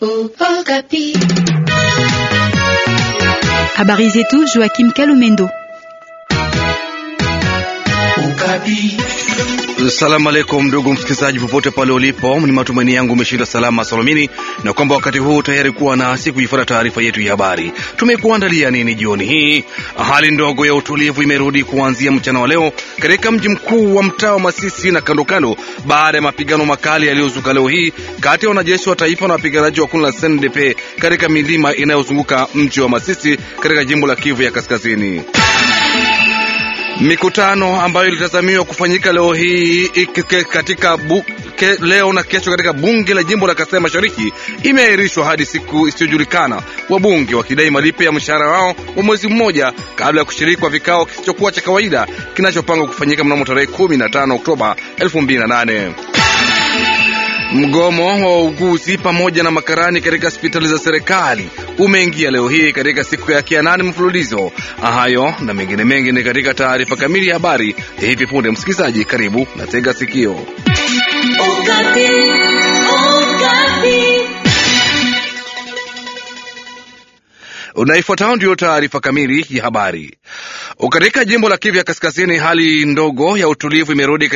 oh, Capi. À Paris et tout, Joachim Calomendo. Oh, Capi. Salamu alaikum ndugu msikilizaji, popote pale ulipo, ni matumaini yangu umeshinda salama salomini, na kwamba wakati huu tayari kuwa nasi kuifuata taarifa yetu ya habari. Tumekuandalia nini jioni hii? Hali ndogo ya utulivu imerudi kuanzia mchana wa leo katika mji mkuu wa mtaa wa Masisi na kandokando, baada ya mapigano makali yaliyozuka leo hii kati ya wanajeshi wa taifa na wapiganaji wa kundi la sndp katika milima inayozunguka mji wa Masisi katika jimbo la Kivu ya Kaskazini. Mikutano ambayo ilitazamiwa kufanyika leo hii katika bu, ke, leo na kesho katika bunge la jimbo la Kasai Mashariki imeahirishwa hadi siku isiyojulikana, wabunge wakidai malipo ya mshahara wao wa mwezi mmoja kabla ya kushiriki kwa vikao kisichokuwa cha kawaida kinachopangwa kufanyika mnamo tarehe 15 Oktoba 2008. Mgomo wa wauguzi pamoja na makarani katika hospitali za serikali umeingia leo hii katika siku yake ya nane mfululizo. Hayo na mengine mengi ni katika taarifa kamili ya habari hivi punde. Msikilizaji, karibu na tega sikio Ukati. Unaifuatao ndiyo taarifa kamili ya habari. Katika jimbo la Kivu ya Kaskazini, hali ndogo ya utulivu imerudi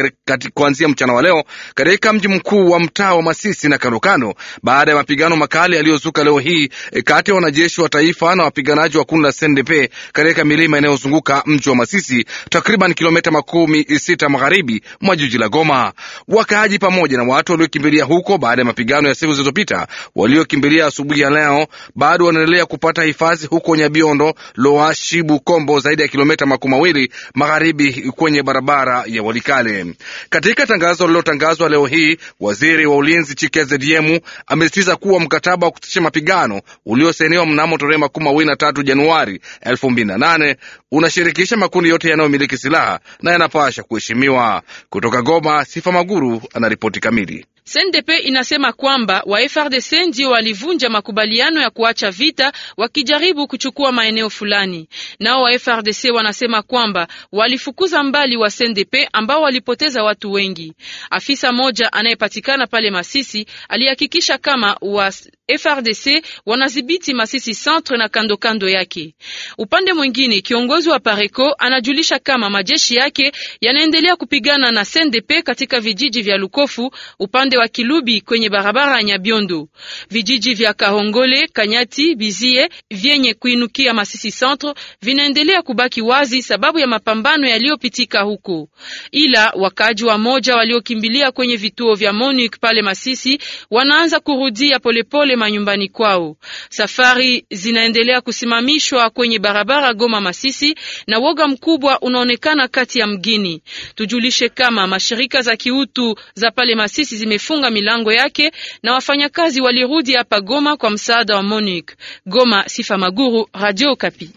kuanzia mchana wa leo katika mji mkuu wa mtaa wa Masisi na kandokando, baada ya mapigano makali yaliyozuka leo hii e, kati ya wanajeshi wa taifa na wapiganaji wa kundi la CNDP katika milima inayozunguka mji wa Masisi, takriban kilomita makumi sita magharibi mwa jiji la Goma. Wakaaji pamoja na watu waliokimbilia huko baada ya mapigano ya siku zilizopita, waliokimbilia asubuhi ya leo bado wanaendelea kupata hifadhi wazi huko Nyabiondo, Loashi, Bukombo, zaidi ya kilomita makumi mawili magharibi kwenye barabara ya Walikale. Katika tangazo lililotangazwa leo hii, waziri wa ulinzi Chikezdm amesitiza kuwa mkataba wa kusitisha mapigano uliosainiwa mnamo tarehe makumi mawili na tatu Januari elfu mbili na nane unashirikisha makundi yote yanayomiliki silaha na yanapasha kuheshimiwa. Kutoka Goma, Sifa Maguru anaripoti kamili. SNDP inasema kwamba wa FRDC ndio walivunja makubaliano ya kuacha vita wakijaribu kuchukua maeneo fulani. Nao wa FRDC wanasema kwamba walifukuza mbali wa SNDP ambao walipoteza watu wengi. Afisa moja anayepatikana pale Masisi alihakikisha kama wa FRDC wanadhibiti Masisi centre na kando kando yake. Upande mwingine, kiongozi wa Pareco anajulisha kama majeshi yake yanaendelea kupigana na SNDP katika vijiji vya Lukofu upande wa Kilubi kwenye barabara ya Nyabiondo, vijiji vya Kahongole, Kanyati, Bizie vyenye kuinukia Masisi centre vinaendelea kubaki wazi sababu ya mapambano yaliyopitika huko, ila wakaaji wa moja waliokimbilia kwenye vituo vya MONUC pale Masisi wanaanza kurudia polepole manyumbani kwao. Safari zinaendelea kusimamishwa kwenye barabara Goma Masisi, na woga mkubwa unaonekana kati ya mgini. Tujulishe kama mashirika za kiutu za pale Masisi zimefunga milango yake na wafanyakazi walirudi hapa Goma kwa msaada wa Monique. Goma, Sifa Maguru, Radio Kapi.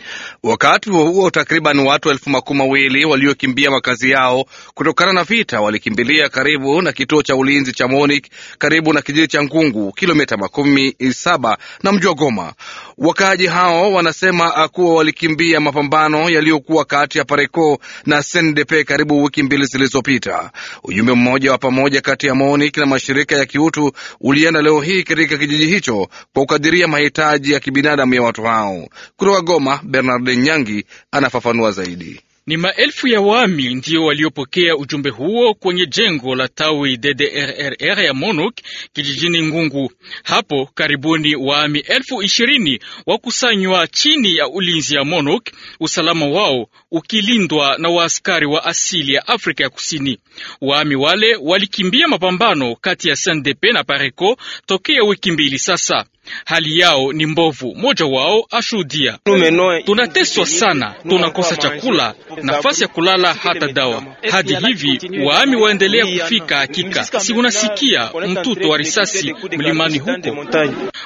Wakati huo huo, takriban watu elfu makumi mawili waliokimbia makazi yao kutokana na vita walikimbilia karibu na kituo cha ulinzi cha Monique karibu na kijiji cha Ngungu kilomita makumi saba na mji wa Goma. Wakaaji hao wanasema ah, kuwa walikimbia mapambano yaliyokuwa kati ya Pareco na SNDP karibu wiki mbili zilizopita. Ujumbe mmoja wa pamoja kati ya MONUC na mashirika ya kiutu ulienda leo hii katika kijiji hicho kwa kukadiria mahitaji ya kibinadamu ya watu hao. Kutoka Goma, Bernard Nyangi anafafanua zaidi. Ni maelfu ya wami ndio waliopokea ujumbe huo kwenye jengo la tawi DDRRR ya MONUC kijijini Ngungu. Hapo karibuni waami elfu ishirini wakusanywa chini ya ulinzi ya MONUC, usalama wao ukilindwa na waaskari wa asili ya Afrika ya Kusini. Waami wale walikimbia mapambano kati ya SNDP na PARECO tokea wiki mbili sasa hali yao ni mbovu. Mmoja wao ashuhudia: tunateswa sana, tunakosa chakula, nafasi ya kulala, hata dawa. Hadi hivi waami waendelea kufika. Hakika si unasikia mtuto wa risasi mlimani huko.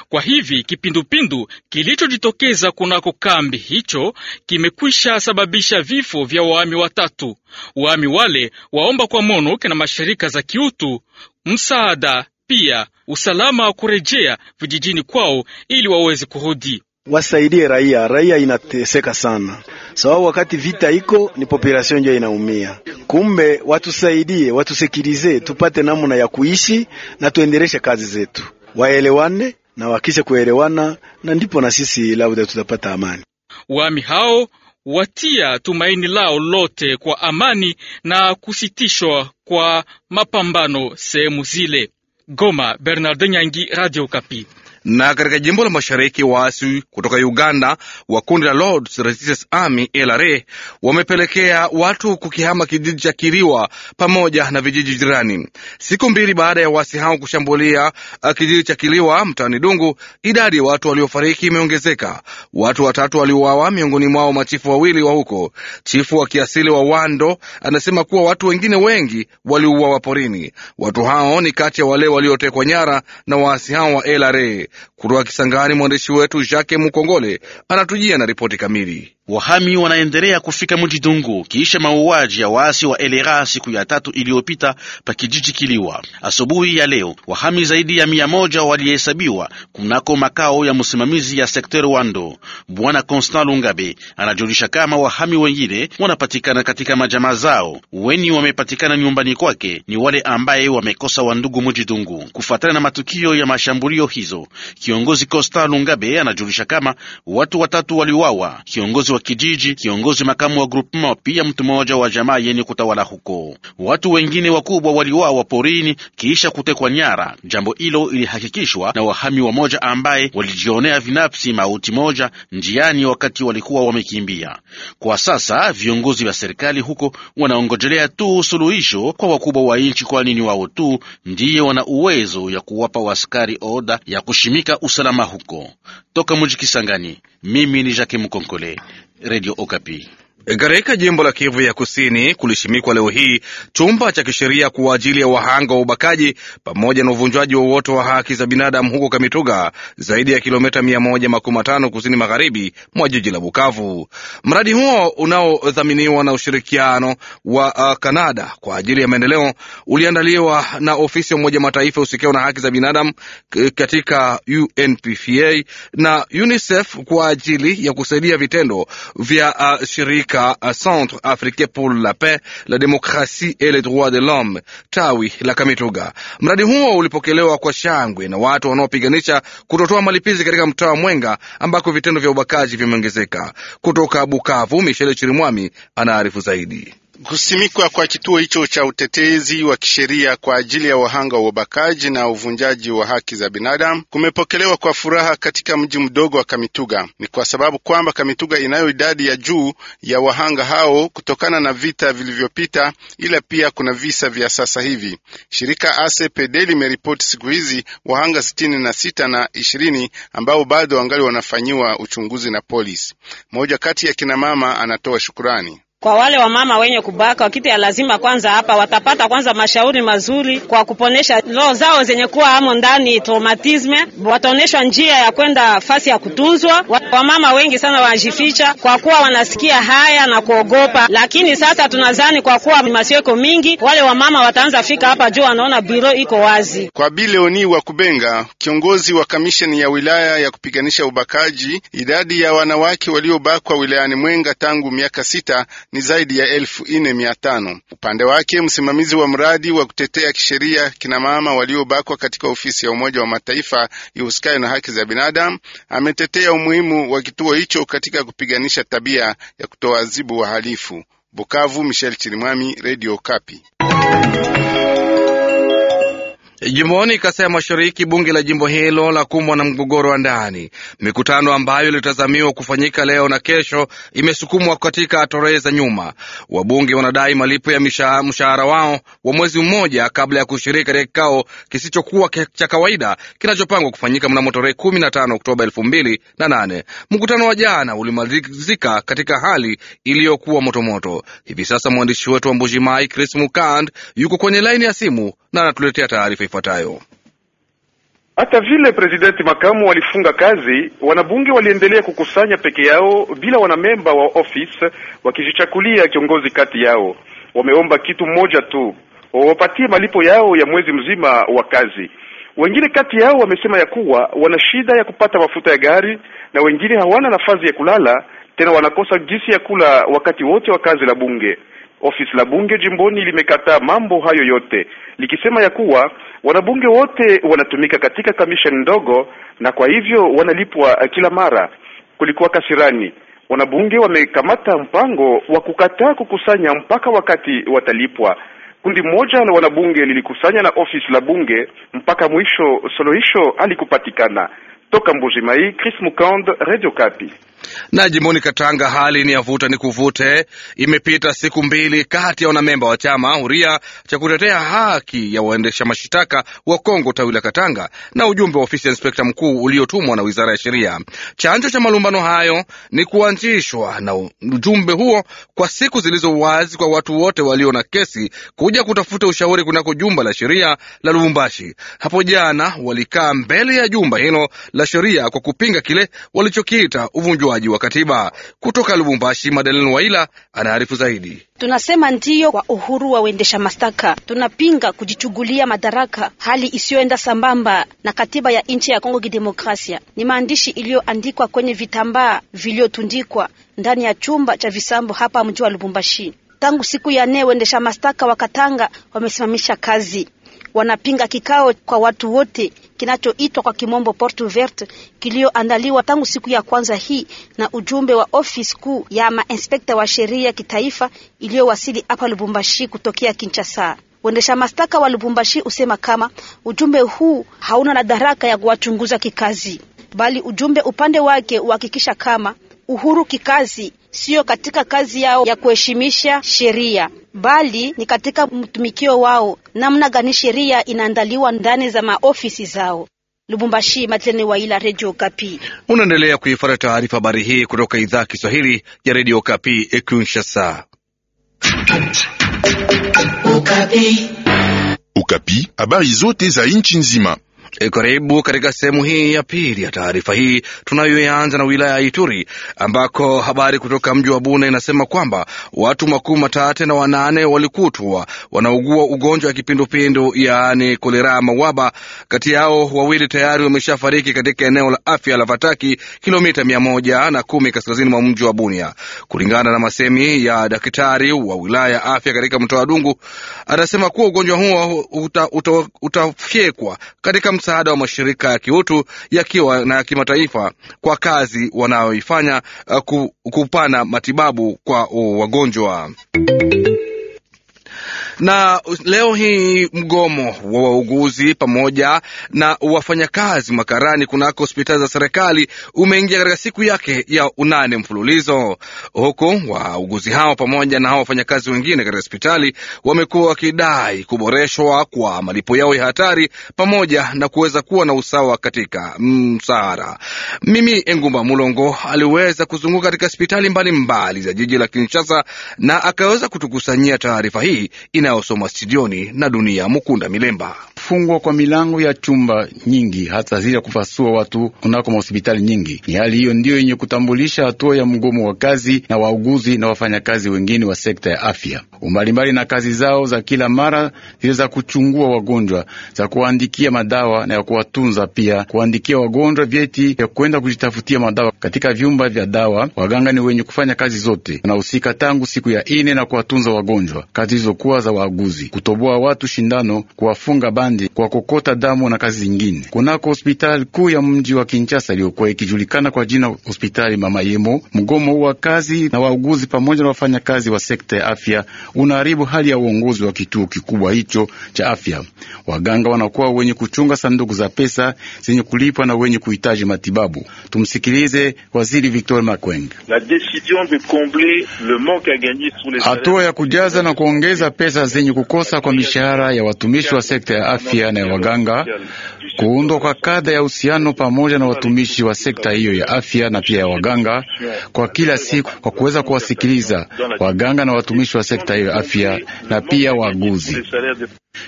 Kwa hivi kipindupindu kilichojitokeza kunako kambi hicho kimekwisha sababisha vifo vya waami watatu. Waami wale waomba kwa MONUC na mashirika za kiutu msaada pia usalama wa kurejea vijijini kwao ili waweze kurudi. Wasaidie raia, raia inateseka sana sababu so, wakati vita iko ni population ndio inaumia. Kumbe watusaidie, watusikilize, tupate namna ya kuishi na tuendeleshe kazi zetu, waelewane na wakisha kuelewana, na ndipo na sisi labda tutapata amani. Wami hao watia tumaini lao lote kwa amani na kusitishwa kwa mapambano sehemu zile. Goma, Bernardin Nyangi, Radio Kapi. Na katika jimbo la mashariki, waasi kutoka Uganda wa kundi la Lords Resistance Army LRA wamepelekea watu kukihama kijiji cha Kiriwa pamoja na vijiji jirani, siku mbili baada ya waasi hao kushambulia uh, kijiji cha Kiriwa mtaani Dungu. Idadi ya watu waliofariki imeongezeka. Watu watatu waliuawa, miongoni mwao machifu wawili wa huko. Chifu wa kiasili wa Wando anasema kuwa watu wengine wengi waliuawa porini. Watu hao ni kati ya wale waliotekwa nyara na waasi hao wa LRA. Kutoka Kisangani, mwandishi wetu Jacques Mukongole anatujia na ripoti kamili. Wahami wanaendelea kufika mji Dungu kiisha mauaji ya waasi wa Elera siku ya tatu iliyopita pa kijiji Kiliwa. Asubuhi ya leo wahami zaidi ya mia moja walihesabiwa kunako makao ya msimamizi ya sekter Wando. Bwana Constant Lungabe anajulisha kama wahami wengine wanapatikana katika majamaa zao. Weni wamepatikana nyumbani kwake ni wale ambaye wamekosa wandugu mji Dungu kufuatana na matukio ya mashambulio hizo. Kiongozi Costa Lungabe anajulisha kama watu watatu waliwawa, kiongozi wa kijiji, kiongozi makamu wa grupema, pia mtu mmoja wa jamaa yenye kutawala huko. Watu wengine wakubwa waliwawa porini kisha kutekwa nyara. Jambo hilo ilihakikishwa na wahami wa moja ambaye walijionea vinafsi mauti moja njiani wakati walikuwa wamekimbia. Kwa sasa viongozi vya serikali huko wanaongojelea tu suluhisho kwa wakubwa wa nchi, kwani ni wao tu ndiye wana uwezo ya kuwapa waskari oda ya kushi kuheshimika usalama huko. Toka muji Kisangani, mimi ni Jacques Mukonkole, Radio Okapi. Katika jimbo la Kivu ya Kusini kulishimikwa leo hii chumba cha kisheria kwa ajili ya wahanga wa ubakaji pamoja na uvunjwaji wowote wa haki za binadamu huko Kamituga, zaidi ya kilomita 115 kusini magharibi mwa jiji la Bukavu. Mradi huo unaodhaminiwa na ushirikiano wa uh, Kanada uh, kwa ajili ya maendeleo uliandaliwa na ofisi ya Umoja Mataifa usikiwa na haki za binadamu katika UNPFA na UNICEF kwa ajili ya kusaidia vitendo vya uh, shirika Africa, Centre Africain pour la paix, la Démocratie et les droits de l'homme, tawi la Kamituga. Mradi huo ulipokelewa kwa shangwe na watu wanaopiganisha kutotoa malipizi katika mtaa wa Mwenga ambako vitendo vya ubakaji vimeongezeka. Kutoka Bukavu, Michele Chirimwami anaarifu zaidi. Kusimikwa kwa kituo hicho cha utetezi wa kisheria kwa ajili ya wahanga wa ubakaji na uvunjaji wa haki za binadamu kumepokelewa kwa furaha katika mji mdogo wa Kamituga. Ni kwa sababu kwamba Kamituga inayo idadi ya juu ya wahanga hao kutokana na vita vilivyopita, ila pia kuna visa vya sasa hivi. Shirika ACPD limeripoti siku hizi wahanga sitini na sita na ishirini ambao bado wangali wanafanyiwa uchunguzi na polisi. Mmoja kati ya kinamama anatoa shukurani. Kwa wale wamama wenye kubaka wakiti ya lazima kwanza hapa watapata kwanza mashauri mazuri kwa kuponesha roho zao zenye kuwa hamo ndani traumatisme, wataonyeshwa njia ya kwenda fasi ya kutunzwa. Wamama wengi sana wanajificha kwa kuwa wanasikia haya na kuogopa, lakini sasa tunazani kwa kuwa masiweko mingi, wale wamama wataanza fika hapa juu, wanaona biro iko wazi. Kwa Bileoni wa Kubenga, kiongozi wa kamisheni ya wilaya ya kupiganisha ubakaji, idadi ya wanawake waliobakwa wilayani Mwenga tangu miaka sita ni zaidi ya elfu nne mia tano. Upande wake msimamizi wa mradi wa kutetea kisheria kinamama waliobakwa katika ofisi ya Umoja wa Mataifa ihusikayo na haki za binadamu ametetea umuhimu wa kituo hicho katika kupiganisha tabia ya kutoadhibu wahalifu. Bukavu, Michel Chirimwami, Radio Kapi. Jimboni Kasai ya Mashariki, bunge la jimbo hilo la kumbwa na mgogoro wa ndani. Mikutano ambayo ilitazamiwa kufanyika leo na kesho imesukumwa katika tarehe za nyuma. Wabunge wanadai malipo ya mshahara wao wa mwezi mmoja kabla ya kushiriki katika kikao kisichokuwa cha kawaida kinachopangwa kufanyika mnamo tarehe 15 Oktoba 2008. Mkutano wa jana ulimalizika katika hali iliyokuwa motomoto. Hivi sasa mwandishi wetu wa Mbujimai, Chris Mukand, yuko kwenye laini ya simu na anatuletea taarifa ifuatayo. Hata vile presidenti makamu walifunga kazi, wanabunge waliendelea kukusanya peke yao bila wanamemba wa office, wakijichakulia kiongozi kati yao. Wameomba kitu mmoja tu, wapatie malipo yao ya mwezi mzima wa kazi. Wengine kati yao wamesema ya kuwa wana shida ya kupata mafuta ya gari, na wengine hawana nafasi ya kulala tena, wanakosa jinsi ya kula wakati wote wa kazi la bunge. Ofisi la bunge jimboni limekataa mambo hayo yote likisema ya kuwa wanabunge wote wanatumika katika kamisheni ndogo na kwa hivyo wanalipwa eh, kila mara. Kulikuwa kasirani, wanabunge wamekamata mpango wa kukataa kukusanya mpaka wakati watalipwa. Kundi moja la wanabunge lilikusanya na ofisi la bunge mpaka mwisho, suluhisho halikupatikana. Toka Mbujimai, Chris Mukand, Radio Kapi. Na jimboni Katanga hali ni yavuta ni kuvute. Imepita siku mbili kati ya wanamemba wa chama huria cha kutetea haki ya waendesha mashitaka wa Kongo tawi la Katanga na ujumbe wa ofisi ya inspekta mkuu uliotumwa na wizara ya sheria. Chanzo cha malumbano hayo ni kuanzishwa na ujumbe huo kwa siku zilizo wazi kwa watu wote walio na kesi kuja kutafuta ushauri kunako jumba la sheria la Lubumbashi. Hapo jana walikaa mbele ya jumba hilo la sheria kwa kupinga kile walichokiita uvunjwa utoaji wa katiba. Kutoka Lubumbashi, Madalen Waila anaarifu zaidi. Tunasema ndiyo kwa uhuru wa uendesha mashtaka, tunapinga kujichugulia madaraka, hali isiyoenda sambamba na katiba ya nchi ya Kongo Kidemokrasia. Ni maandishi iliyoandikwa kwenye vitambaa viliyotundikwa ndani ya chumba cha visambo hapa mji wa Lubumbashi. Tangu siku ya nne, waendesha mashtaka wa Katanga wamesimamisha kazi, wanapinga kikao kwa watu wote kinachoitwa kwa kimombo Porte Ouverte kilioandaliwa tangu siku ya kwanza hii na ujumbe wa ofisi kuu ya mainspekta wa sheria kitaifa iliyowasili hapa Lubumbashi kutokea Kinshasa. Uendesha mashtaka wa Lubumbashi usema kama ujumbe huu hauna na daraka ya kuwachunguza kikazi, bali ujumbe upande wake uhakikisha kama uhuru kikazi sio katika kazi yao ya kuheshimisha sheria, bali ni katika mtumikio wao, namna gani sheria inaandaliwa ndani za maofisi zao. Lubumbashi, Matene Waila, Redio Kapi. Unaendelea kuifuata taarifa habari hii kutoka idhaa Kiswahili ya redio Kapi Kinshasa. Ukapi, habari zote za nchi nzima Eh, karibu katika sehemu hii ya pili ya taarifa hii tunayoianza na wilaya ya Ituri ambako habari kutoka mji wa Buna inasema kwamba watu makumi matatu na wanane walikutwa wanaugua ugonjwa wa kipindupindu yaani kolera mawaba. Kati yao wawili tayari wameshafariki katika eneo la afya la vataki kilomita mia moja na kumi kaskazini mwa mji wa Bunia, kulingana na masemi ya daktari wa wilaya ya afya katika mtoa Dungu. Anasema kuwa ugonjwa huo utafyekwa uta katika msaada wa mashirika ya kiutu yakiwa na ya kimataifa kwa kazi wanayoifanya eh, kupana matibabu kwa oh, wagonjwa. Na leo hii mgomo wa wauguzi pamoja na wafanyakazi Makarani kunako hospitali za serikali umeingia katika siku yake ya unane mfululizo, huku wauguzi hao pamoja na hao wafanyakazi wengine katika hospitali wamekuwa wakidai kuboreshwa kwa malipo yao ya hatari pamoja na kuweza kuwa na usawa katika msaara. Mimi Engumba Mulongo aliweza kuzunguka katika hospitali mbalimbali za jiji la Kinshasa na akaweza kutukusanyia taarifa hii ina inayosomwa studioni na Dunia Mukunda Milemba. Kufungwa kwa milango ya chumba nyingi hata zile kupasua watu kunako mahospitali nyingi, ni hali hiyo ndiyo yenye kutambulisha hatua ya mgomo wa kazi na wauguzi na wafanyakazi wengine wa sekta ya afya umbalimbali na kazi zao za kila mara, zile za kuchungua wagonjwa, za kuwaandikia madawa na ya kuwatunza, pia kuwaandikia wagonjwa vyeti vya kwenda kujitafutia madawa katika vyumba vya dawa. Waganga ni wenye kufanya kazi zote, wanahusika tangu siku ya ine na kuwatunza wagonjwa, kazi zilizokuwa za waaguzi, kutoboa watu shindano, kuwafunga bandi, kwa kokota damu na kazi zingine. Kunako hospitali kuu ya mji wa Kinshasa iliyokuwa ikijulikana kwa jina hospitali Mama Yemo, mgomo huu wa kazi na waaguzi pamoja na wafanyakazi wa sekta ya afya unaharibu hali ya uongozi wa kituo kikubwa hicho cha afya. Waganga wanakuwa wenye kuchunga sanduku za pesa zenye kulipwa na wenye kuhitaji matibabu. Tumsikilize waziri Victor Makweng. Hatua ya kujaza na kuongeza pesa zenye kukosa kwa mishahara ya watumishi wa sekta ya afya na ya waganga, kuundwa kwa kada ya uhusiano pamoja na watumishi wa sekta hiyo ya afya na pia ya waganga kwa kila siku, kwa kuweza kuwasikiliza waganga na watumishi wa sekta hiyo ya afya na pia waaguzi.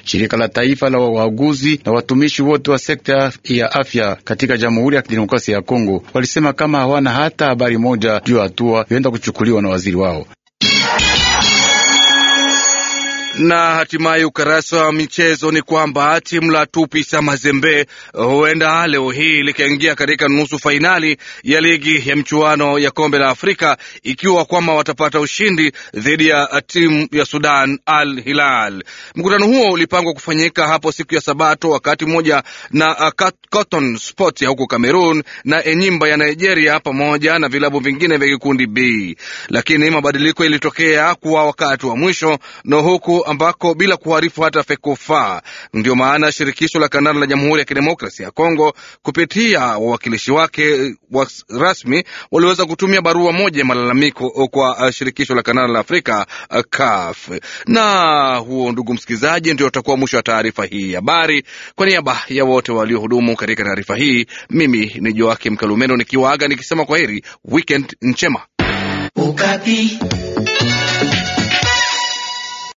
Shirika la taifa la wauguzi na watumishi wote wa sekta ya afya katika Jamhuri ya Kidemokrasia ya Kongo walisema kama hawana hata habari moja juu ya hatua huenda kuchukuliwa na waziri wao. Na hatimaye ukarasa wa michezo ni kwamba timu la Tupisa Mazembe eh, huenda leo hii likaingia katika nusu fainali ya ligi ya michuano ya kombe la Afrika ikiwa kwamba watapata ushindi dhidi ya eh, timu ya Sudan Al Hilal. Mkutano huo ulipangwa kufanyika hapo siku ya Sabato wakati mmoja na eh, Cotton Sport ya huko Cameroon na Enyimba ya Nigeria pamoja na vilabu vingine vya kikundi B, lakini mabadiliko yalitokea kuwa wakati wa mwisho na huku ambako bila kuharifu hata FEKOFA. ndio maana shirikisho la kandanda la Jamhuri ya Kidemokrasia ya Kongo kupitia wawakilishi wake waks, rasmi waliweza kutumia barua moja ya malalamiko kwa shirikisho la kandanda la Afrika CAF. Na huo, ndugu msikilizaji, ndio utakuwa mwisho wa taarifa hii ya habari. Kwa niaba ya wote waliohudumu katika taarifa hii, mimi ni Joakim Kalumeno nikiwaaga nikisema kwa heri, weekend njema. Ukapi.